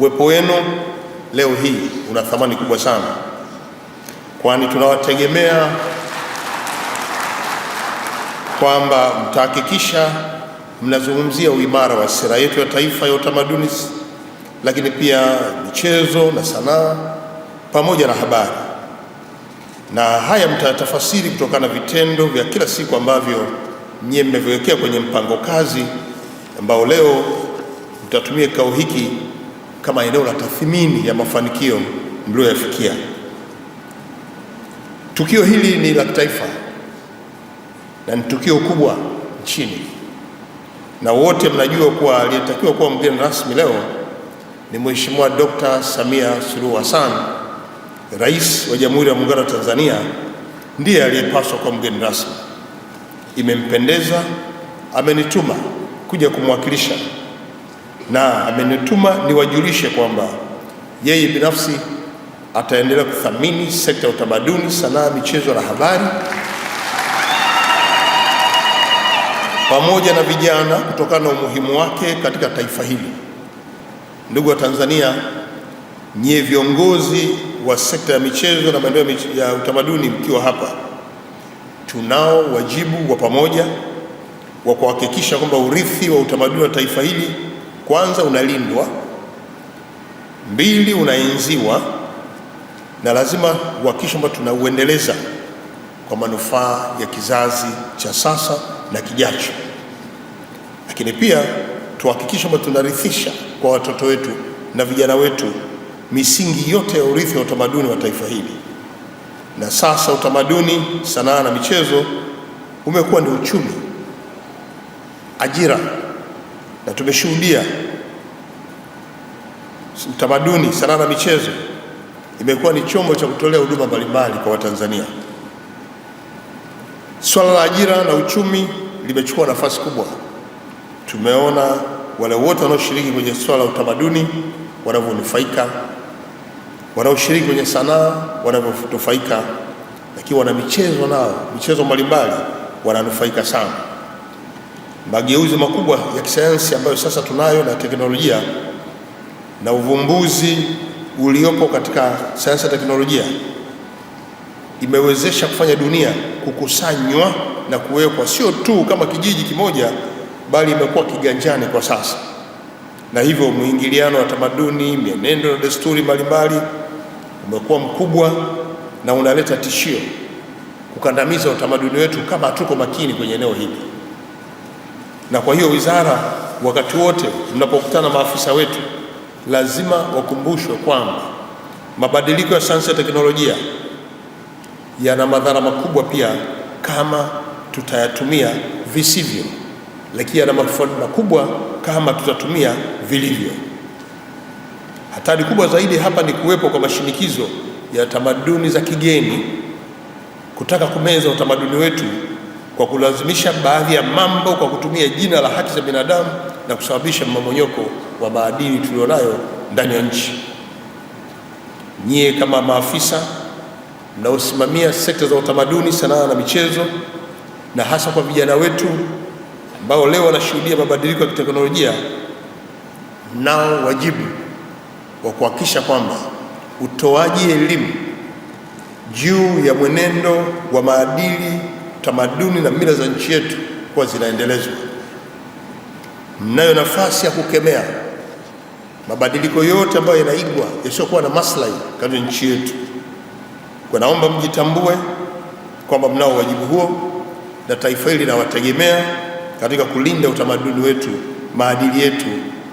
Uwepo wenu leo hii una thamani kubwa sana, kwani tunawategemea kwamba mtahakikisha mnazungumzia uimara wa sera yetu ya taifa ya utamaduni, lakini pia michezo na sanaa pamoja na habari, na haya mtatafasiri kutokana na vitendo vya kila siku ambavyo nyie mmeviwekea kwenye mpango kazi ambao leo mtatumia kikao hiki kama eneo la tathmini ya mafanikio mlioyafikia. Tukio hili ni la kitaifa na ni tukio kubwa nchini, na wote mnajua kuwa aliyetakiwa kuwa mgeni rasmi leo ni Mheshimiwa Dkt. Samia Suluhu Hassan, Rais wa Jamhuri ya Muungano wa Tanzania, ndiye aliyepaswa kuwa mgeni rasmi. Imempendeza, amenituma kuja kumwakilisha na amenituma niwajulishe kwamba yeye binafsi ataendelea kuthamini sekta ya utamaduni, sanaa, michezo na habari pamoja na vijana kutokana na umuhimu wake katika taifa hili. Ndugu wa Tanzania, nyie viongozi wa sekta ya michezo na maendeleo ya utamaduni, mkiwa hapa, tunao wajibu wa pamoja wa kuhakikisha kwamba urithi wa utamaduni wa taifa hili kwanza unalindwa, mbili unaenziwa, na lazima uhakikishe kwamba tunauendeleza kwa manufaa ya kizazi cha sasa na kijacho, lakini pia tuhakikishe kwamba tunarithisha kwa watoto wetu na vijana wetu misingi yote ya urithi wa utamaduni wa taifa hili. Na sasa utamaduni, sanaa na michezo umekuwa ni uchumi, ajira na tumeshuhudia utamaduni, sanaa na michezo imekuwa ni chombo cha kutolea huduma mbalimbali kwa Watanzania. Swala la ajira na uchumi limechukua nafasi kubwa. Tumeona wale wote wanaoshiriki kwenye swala la utamaduni wanavyonufaika, wanaoshiriki kwenye sanaa wanavyonufaika, lakini wana michezo nao, michezo mbalimbali wananufaika sana mageuzi makubwa ya kisayansi ambayo sasa tunayo na teknolojia na uvumbuzi uliopo katika sayansi na teknolojia imewezesha kufanya dunia kukusanywa na kuwekwa sio tu kama kijiji kimoja, bali imekuwa kiganjani kwa sasa, na hivyo mwingiliano wa tamaduni, mienendo na desturi mbalimbali umekuwa mkubwa na unaleta tishio kukandamiza utamaduni wetu kama hatuko makini kwenye eneo hili. Na kwa hiyo wizara, wakati wote mnapokutana maafisa wetu, lazima wakumbushwe kwamba mabadiliko ya sayansi ya teknolojia yana madhara makubwa pia kama tutayatumia visivyo, lakini yana manufaa makubwa kama tutatumia vilivyo. Hatari kubwa zaidi hapa ni kuwepo kwa mashinikizo ya tamaduni za kigeni kutaka kumeza utamaduni wetu kwa kulazimisha baadhi ya mambo kwa kutumia jina la haki za binadamu na kusababisha mmomonyoko wa maadili tulionayo ndani ya nchi. Nyie kama maafisa mnaosimamia sekta za utamaduni, sanaa na michezo, na hasa kwa vijana wetu ambao leo wanashuhudia mabadiliko ya kiteknolojia, nao wajibu wa kuhakikisha kwamba utoaji elimu juu ya mwenendo wa maadili tamaduni na mila za nchi yetu kuwa zinaendelezwa. Mnayo nafasi ya kukemea mabadiliko yote ambayo yanaigwa yasiyokuwa na maslahi katika nchi yetu. Kwa naomba mjitambue kwamba mnao wajibu huo na taifa hili linawategemea katika kulinda utamaduni wetu, maadili yetu,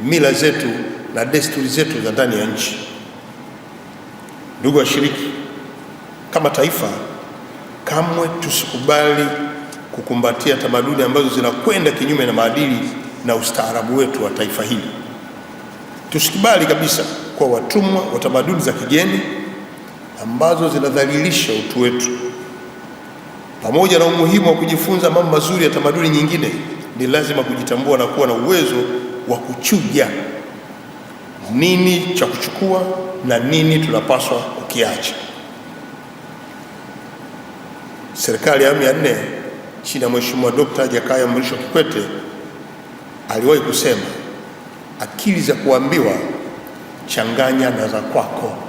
mila zetu na desturi zetu za ndani ya nchi. Ndugu washiriki, kama taifa Kamwe tusikubali kukumbatia tamaduni ambazo zinakwenda kinyume na maadili na ustaarabu wetu wa taifa hili. Tusikubali kabisa kwa watumwa wa tamaduni za kigeni ambazo zinadhalilisha utu wetu. Pamoja na umuhimu wa kujifunza mambo mazuri ya tamaduni nyingine, ni lazima kujitambua na kuwa na uwezo wa kuchuja nini cha kuchukua na nini tunapaswa kukiacha Serikali ya awamu ya nne chini ya Mheshimiwa Dr. Jakaya Mrisho Kikwete aliwahi kusema, akili za kuambiwa changanya na za kwako.